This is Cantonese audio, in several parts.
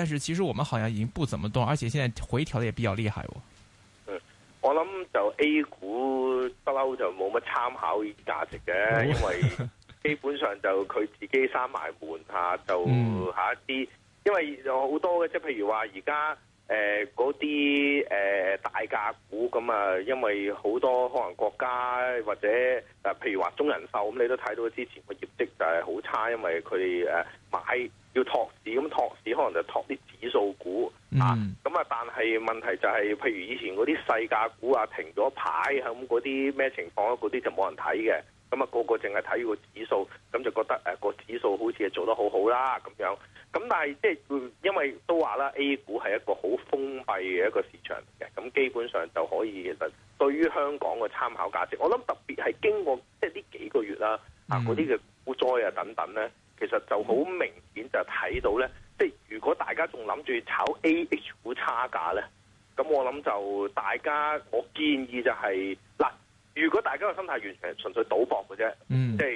但是其實我們好像已經不怎麼動，而且現在回調的也比較厲害哦。嗯，我諗就 A 股不嬲就冇乜參考價值嘅， 因為基本上就佢自己閂埋門下就下一啲，嗯、因為有好多嘅，即係譬如話而家。誒嗰啲誒大價股咁啊，因為好多可能國家或者啊，譬如話中人壽咁、嗯，你都睇到之前個業績就係好差，因為佢哋誒、啊、買要托市，咁、嗯、托市可能就托啲指數股啊。咁啊，但係問題就係、是，譬如以前嗰啲細價股啊停咗牌，咁嗰啲咩情況啊，嗰啲就冇人睇嘅。咁啊，個個淨係睇個指數，咁就覺得誒個、呃、指數好似係做得好好啦咁樣。咁但係即係因為都話啦，A 股係一個好封閉嘅一個市場嘅，咁基本上就可以其實對於香港嘅參考價值。我諗特別係經過即係呢幾個月啦，啊嗰啲嘅股災啊等等咧，其實就好明顯就睇到咧，即係如果大家仲諗住炒 A H 股差價咧，咁我諗就大家我建議就係、係、嗱。如果大家嘅心態完全純粹賭博嘅啫，嗯、即係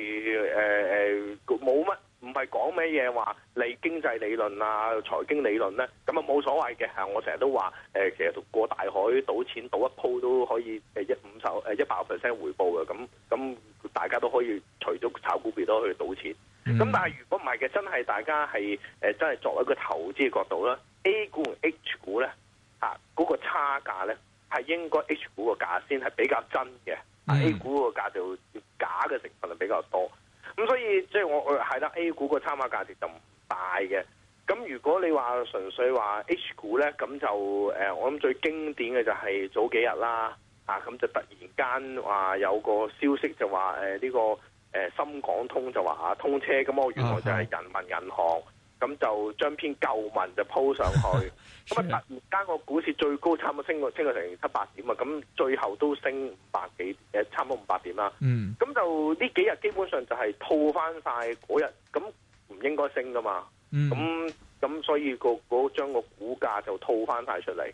誒誒，冇乜唔係講咩嘢話理經濟理論啊、財經理論咧，咁啊冇所謂嘅吓。我成日都話誒、呃，其實過大海賭錢賭一鋪都可以誒一五十誒一百個 percent 回報嘅。咁咁大家都可以除咗炒股，都可以去賭錢。咁、嗯、但係如果唔係嘅，真係大家係誒真係作為一個投資嘅角度啦 A 股同 H 股咧吓嗰個差價咧。係應該 H 股個價先係比較真嘅，mm.，A 股個價就假嘅成分就比較多。咁所以即係、就是、我係得 A 股個參考價值就唔大嘅。咁如果你話純粹話 H 股咧，咁就誒，我諗最經典嘅就係早幾日啦，啊咁就突然間話有個消息就話誒呢個誒、呃、深港通就話啊通車，咁我原來就係人民銀行。Mm hmm. 咁就將篇舊文就鋪上去，咁啊 突然間個股市最高差唔多升過升過成七八點啊，咁最後都升五百幾，誒差唔多五百點啦。嗯，咁就呢幾日基本上就係套翻晒嗰日，咁唔應該升噶嘛。咁咁、嗯、所以個嗰將個股價就套翻晒出嚟，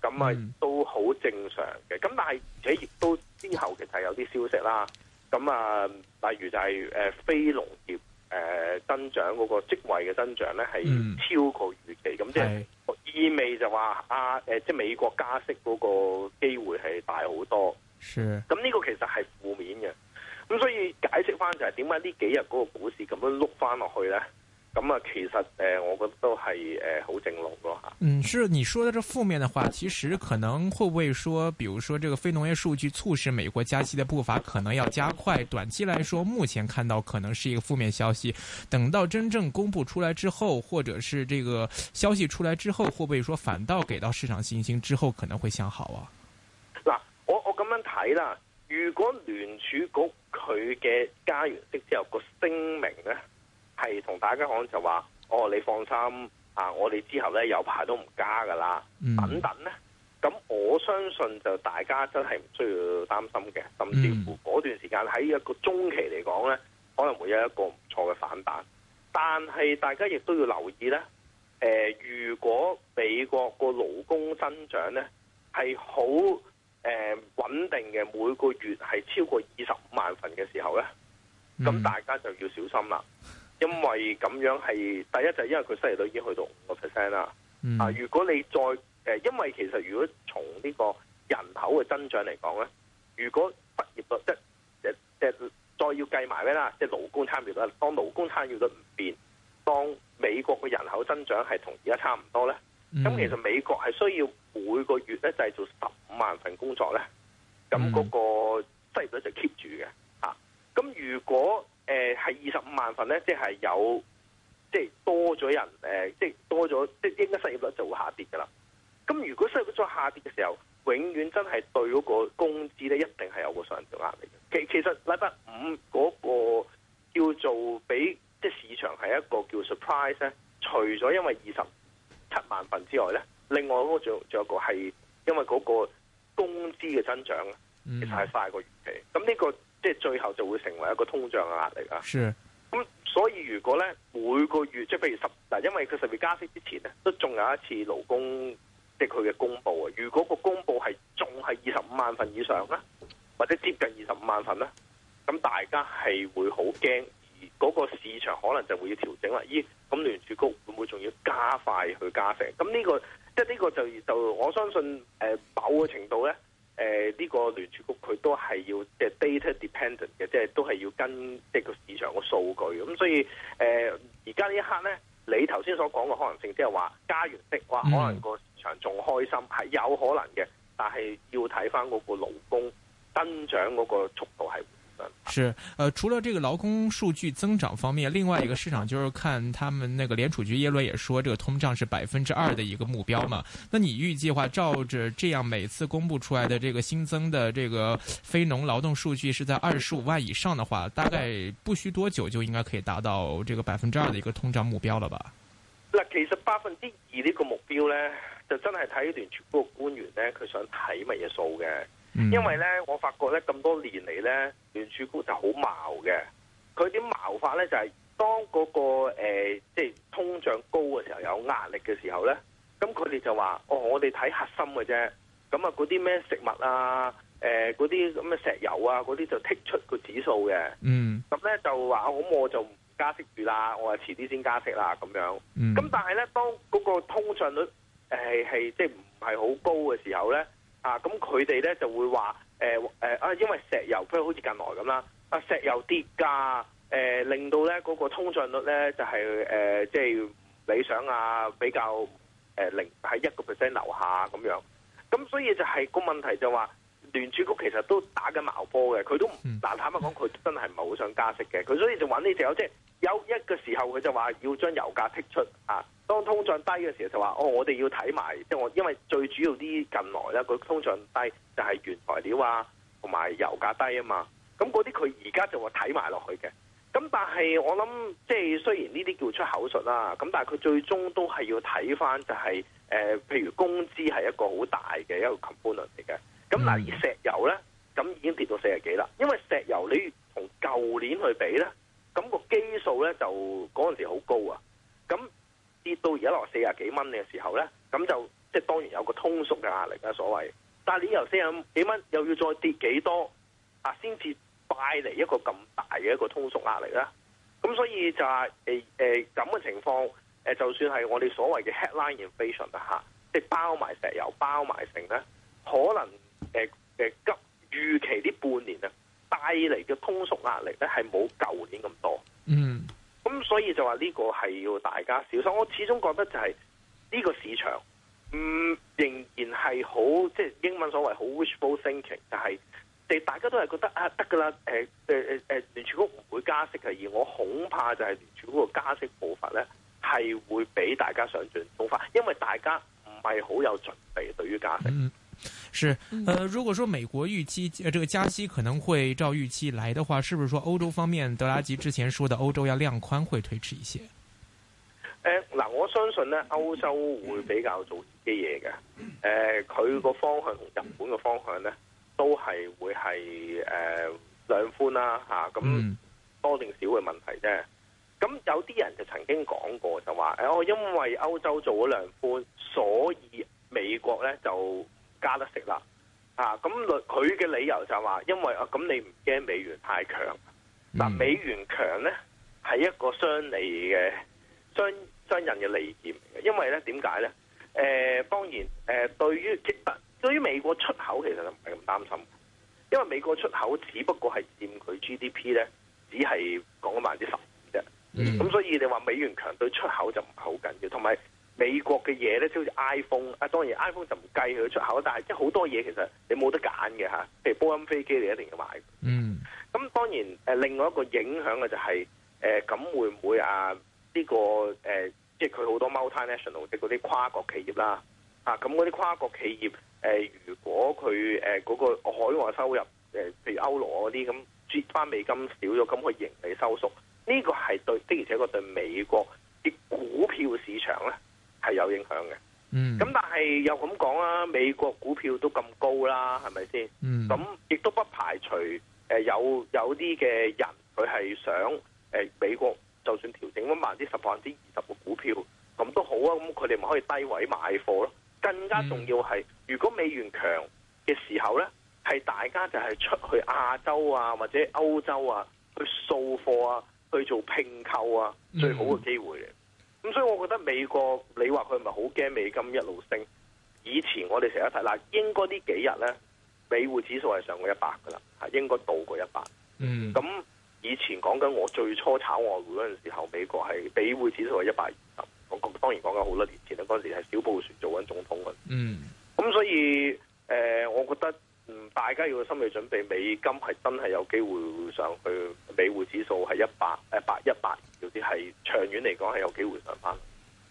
咁啊都好正常嘅。咁但係而且亦都之後其實有啲消息啦，咁啊例如就係、是呃、非農業。誒、呃、增長嗰，那個職位嘅增長咧，係超過預期，咁即係意味就話是啊，誒、呃、即係美國加息嗰個機會係大好多。咁呢是個其實係負面嘅，咁所以解釋翻就係點解呢幾日嗰個股市咁樣碌翻落去咧？嗯，是你說的這負面的話，其實可能會不會說，比如說這個非農業數據促使美國加息的步伐可能要加快，短期來說目前看到可能是一個負面消息，等到真正公布出來之後，或者是這個消息出來之後，會不會說反倒給到市場信心之後可能會向好啊？嗱，我我咁樣睇啦，如果聯儲局佢嘅加完息之後個聲明咧，係同大家講就話，哦，你放心。啊！我哋之後咧，有排都唔加噶啦，等等咧。咁我相信就大家真係唔需要擔心嘅，甚至乎嗰段時間喺一個中期嚟講咧，可能會有一個唔錯嘅反彈。但係大家亦都要留意咧，誒、呃，如果美國個勞工增長咧係好誒穩定嘅，每個月係超過二十五萬份嘅時候咧，咁大家就要小心啦。因為咁樣係第一就係因為佢失業率已經去到五個 percent 啦，嗯、啊！如果你再誒，因為其實如果從呢個人口嘅增長嚟講咧，如果畢業率即係即係再要計埋咩啦，即係勞工參與率，當勞工參與率唔變，當美國嘅人口增長係同而家差唔多咧，咁、嗯、其實美國係需要每個月咧製造十五萬份工作咧，咁嗰個失業率就 keep。份咧，即係有，即係多咗人，誒，即係多咗，即係應該失業率就會下跌噶啦。咁如果失業率再下跌嘅時候，永遠真係對嗰個工資咧，一定係有個上調壓力。其其實禮拜五嗰個叫做俾即係市場係一個叫 surprise 咧，除咗因為二十七萬份之外咧，另外一個仲仲有個係因為嗰個工資嘅增長咧，其實係快過預期。咁呢個即係最後就會成為一個通脹嘅壓力啊。Sure. 所以如果咧每個月，即係譬如十嗱，因為佢十月加息之前咧，都仲有一次勞工，即係佢嘅公佈啊。如果個公佈係仲係二十五萬份以上咧，或者接近二十五萬份咧，咁大家係會好驚，而嗰個市場可能就會要調整啦。咦，咁聯儲局會唔會仲要加快去加息？咁呢個即係呢個就就我相信誒某嘅程度咧。誒呢個聯儲局佢都係要即係 data dependent 嘅，即係都係要跟即係個市場個數據咁、嗯，所以誒而家呢一刻咧，你頭先所講嘅可能性就是說，即係話加完息，哇，可能個市場仲開心係有可能嘅，但係要睇翻嗰個勞工增長嗰個速度係。是，呃，除了這個勞工數據增長方面，另外一個市場就是看他們那個聯儲局耶倫也說，這個通脹是百分之二的一個目標嘛。那你預計話，照着這樣每次公布出來的這個新增的這個非農勞動數據是在二十五萬以上的話，大概不需多久就應該可以達到這個百分之二的一個通脹目標了吧？那其實百分之二呢個目標呢，就真係睇聯儲局個官員呢，佢想睇乜嘢數嘅？因為呢，我發覺呢咁多年嚟呢。主股就好矛嘅，佢啲矛法咧就係當嗰個誒，即係通脹高嘅時候有壓力嘅時候咧，咁佢哋就話哦，我哋睇核心嘅啫，咁啊嗰啲咩食物啊，誒嗰啲咁嘅石油啊，嗰啲就剔出個指數嘅，嗯、mm.，咁咧就話哦，咁我就唔加息住啦，我話遲啲先加息啦，咁樣，咁、mm. 但係咧，當嗰個通脹率誒係係即係唔係好高嘅時候咧。啊，咁佢哋咧就會話，誒、呃、誒啊，因為石油，譬如好似近來咁啦，啊石油跌價，誒、呃、令到咧嗰個通脹率咧就係誒即係理想啊，比較誒零喺一個 percent 樓下咁樣，咁所以就係、是、個問題就話、是。聯儲局其實都打緊矛波嘅，佢都唔。嗱、嗯、坦白講，佢真係唔係好想加息嘅。佢所以就揾呢條友即係有一個時候，佢就話要將油價剔出啊。當通脹低嘅時候就話哦，我哋要睇埋即係我因為最主要啲近來咧，佢通脹低就係原材料啊同埋油價低啊嘛。咁嗰啲佢而家就話睇埋落去嘅。咁但係我諗即係雖然呢啲叫出口術啦，咁但係佢最終都係要睇翻就係、是、誒、呃，譬如工資係一個好大嘅一個 component 嚟嘅。咁嗱，而石油咧，咁已經跌到四十幾啦。因為石油你同舊年去比咧，咁、那個基數咧就嗰陣時好高啊。咁跌到而家落四十幾蚊嘅時候咧，咁就即係當然有個通縮嘅壓力啊。所謂，但係你由四十幾蚊又要再跌幾多啊，先至帶嚟一個咁大嘅一個通縮壓力咧。咁所以就係誒誒咁嘅情況，誒、呃、就算係我哋所謂嘅 headline inflation 啊，嚇，即係包埋石油、包埋成咧，可能。誒誒，急、呃呃、預期呢半年咧帶嚟嘅通縮壓力咧係冇舊年咁多。嗯，咁所以就話呢個係要大家小心。我始終覺得就係呢個市場，嗯，仍然係好即係英文所謂好 wishful thinking 但。但係，哋大家都係覺得啊，得㗎喇。誒誒誒誒，聯儲局唔會加息嘅。而我恐怕就係聯儲局嘅加息步伐咧，係會比大家想象中快，因為大家唔係好有準備對於加息。嗯是，呃，如果說美國預期，呃，這個加息可能會照預期來的話，是不是說歐洲方面德拉吉之前說的歐洲要量寬會推遲一些？誒、呃，嗱，我相信咧，歐洲會比較做啲嘢嘅，誒、呃，佢個方向同日本嘅方向咧，都係會係誒量寬啦、啊，吓、啊，咁多定少嘅問題啫。咁、嗯、有啲人就曾經講過就說，就、呃、話，誒，我因為歐洲做咗量寬，所以美國咧就。加得食啦，啊咁佢嘅理由就話、啊啊嗯，因為啊咁你唔驚美元太強，嗱美元強咧係一個雙利嘅雙雙人嘅利劍嚟嘅，因為咧點解咧？誒，當然誒、呃，對於對於美國出口其實就唔係咁擔心，因為美國出口只不過係佔佢 GDP 咧，只係講咗百分之十啫。咁、嗯、所以你話美元強對出口就唔係好緊要，同埋，美國嘅嘢咧，好似 iPhone 啊，當然 iPhone 就唔計佢出口，但係即係好多嘢其實你冇得揀嘅吓，譬如波音飛機你一定要買的。嗯，咁當然誒，另外一個影響嘅就係、是、誒，咁、呃、會唔會啊呢、這個誒，即係佢好多 multinational 即嗰啲跨國企業啦啊，咁嗰啲跨國企業誒、呃，如果佢誒嗰個海外收入誒、呃，譬如歐羅嗰啲咁折翻美金少咗，咁佢盈利收縮，呢、這個係對的而且確對美國啲股票市場咧。係有影響嘅，咁、嗯、但係又咁講啦，美國股票都咁高啦，係咪先？咁亦都不排除誒、呃，有有啲嘅人佢係想誒、呃，美國就算調整咗，萬之十、百分之二十嘅股票咁都好啊，咁佢哋咪可以低位買貨咯。更加重要係，嗯、如果美元強嘅時候咧，係大家就係出去亞洲啊，或者歐洲啊，去掃貨啊，去做拼購啊，最好嘅機會嚟。嗯所以，我覺得美國你話佢咪好驚美金一路升？以前我哋成日睇嗱，應該呢幾日咧，美匯指數係上過一百㗎喇，係應該到過一百。嗯，咁以前講緊我最初炒外匯嗰陣時候，美國係美匯指數係一百二十。我講當然講緊好多年前啦，嗰陣時係小布殊做緊總統嘅。嗯，咁所以，誒、呃，我覺得。嗯，大家要心理準備，美金係真係有機會上去，美匯指數係一百，誒百一百，有啲係長遠嚟講係有機會上返。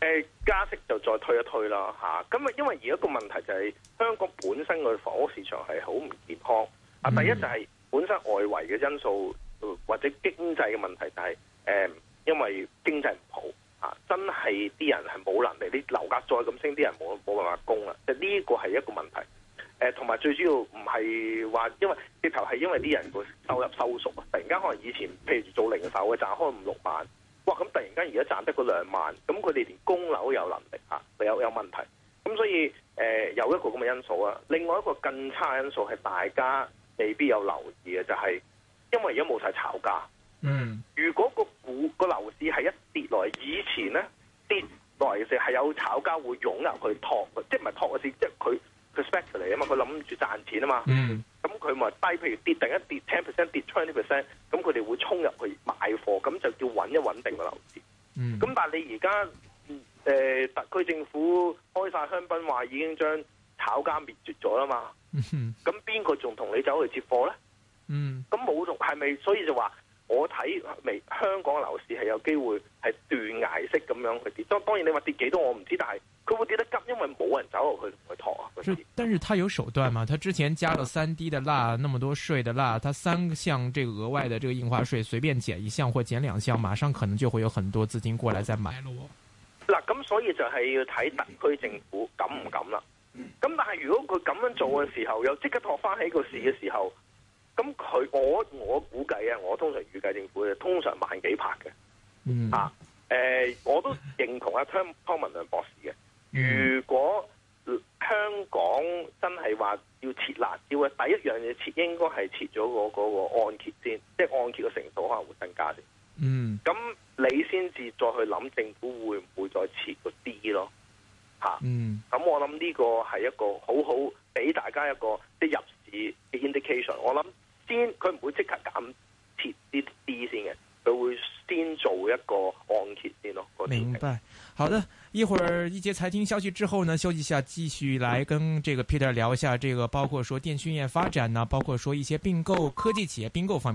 誒加息就再推一推啦嚇，咁，啊因為而家個問題就係香港本身個房屋市場係好唔健康啊，第一就係本身外圍嘅因素或者經濟嘅問題就係誒，因為經濟唔好啊，真係啲人係冇能力，啲樓價再咁升，啲人冇。會湧入去托，即係唔係托個市，即係佢 perspective 嚟啊嘛，佢諗住賺錢啊嘛。咁佢咪低？譬如跌定一跌 ten percent，跌 twenty percent，咁佢哋會衝入去買貨，咁就叫穩一穩定個樓市。咁、嗯、但係你而家誒特區政府開晒香檳，話已經將炒家滅絕咗啊嘛。咁邊個仲同你走去接貨咧？咁冇同係咪？所以就話。我睇未香港樓市係有機會係斷崖式咁樣去跌，當當然你話跌幾多我唔知，但係佢會跌得急，因為冇人走落去去托啊。但是他有手段嘛？嗯、他之前加咗三 D 的辣，那麼多稅的辣，他三項這額外的這個印花稅隨便減一項或減兩項，馬上可能就會有很多資金過來再買咯。嗱、啊，咁所以就係要睇特區政府敢唔敢啦。咁、嗯、但係如果佢咁樣做嘅時候，又即、嗯、刻托翻起個市嘅時候。咁佢我我估計啊，我通常預計政府嘅通常慢幾拍嘅、mm. 啊呃，我都認同阿聽湯文亮博士嘅。如果、mm. 香港真係話要撤辣招嘅，第一樣嘢撤應該係撤咗個個、那個按揭先，即係按揭嘅成數可能會增加啲嗯，咁、mm. 你先至再去諗政府會唔會再撤個啲咯？嗯、啊，咁、mm. 我諗呢個係一個好好俾大家一個即係入市嘅 indication。我諗。先，佢唔會即刻減設啲啲先嘅，佢會先做一個按揭先咯。明白。好的，一會兒一節財經消息之後呢，休息一下，繼續來跟這個 Peter 聊一下，這個包括說電訊業發展呢、啊，包括說一些併購科技企業併購方面的。